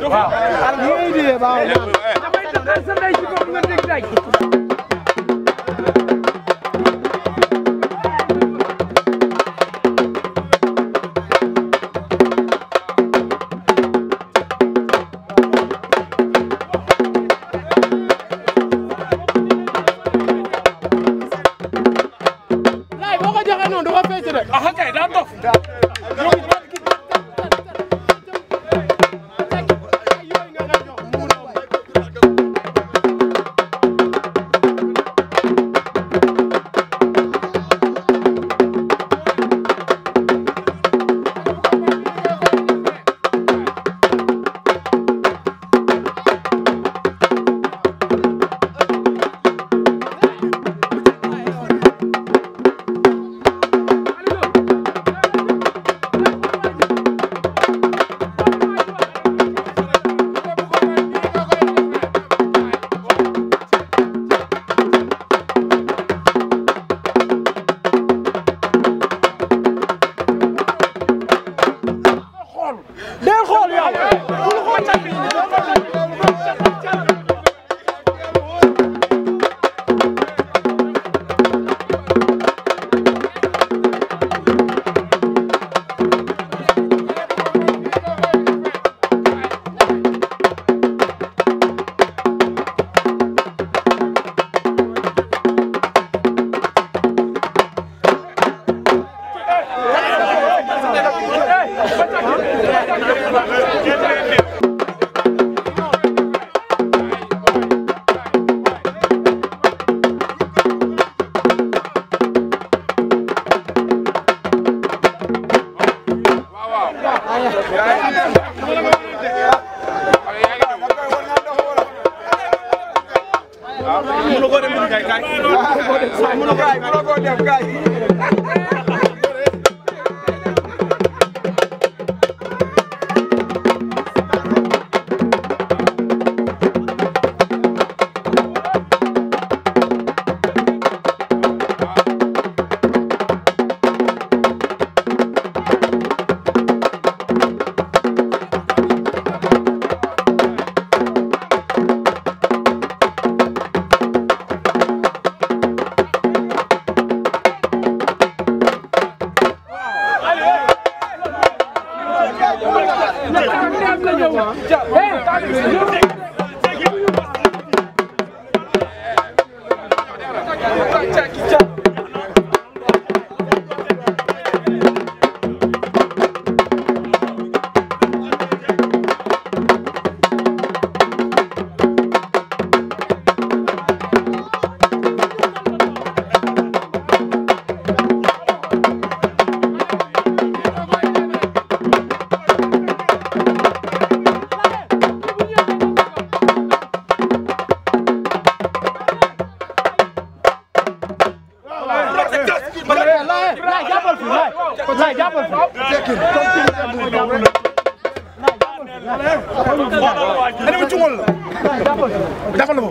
waaw. waaw. Watch out, ñëw laay jàppal fi laay laay jàppal fi. laay jàppal fi.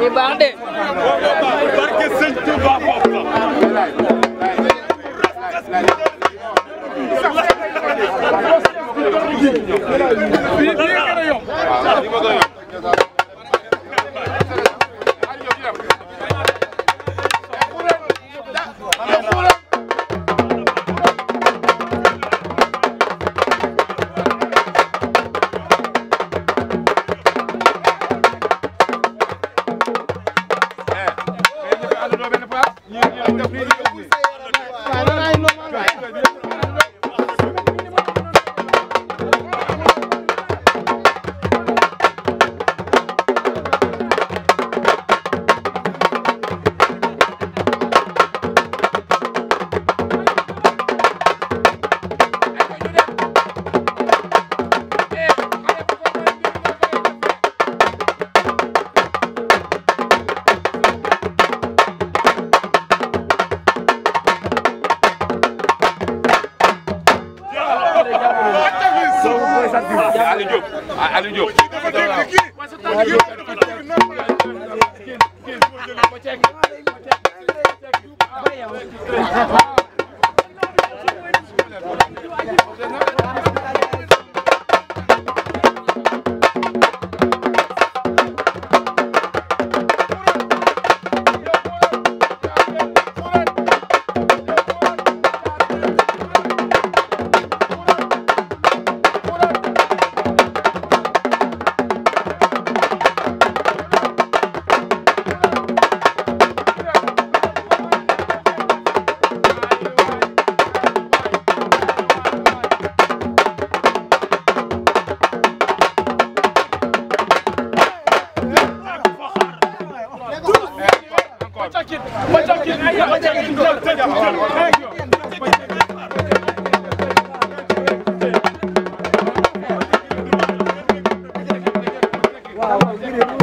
ñu baax de barke sëñ Tuubaa Aliou Diop Aliou Diop Aliou Diop waaw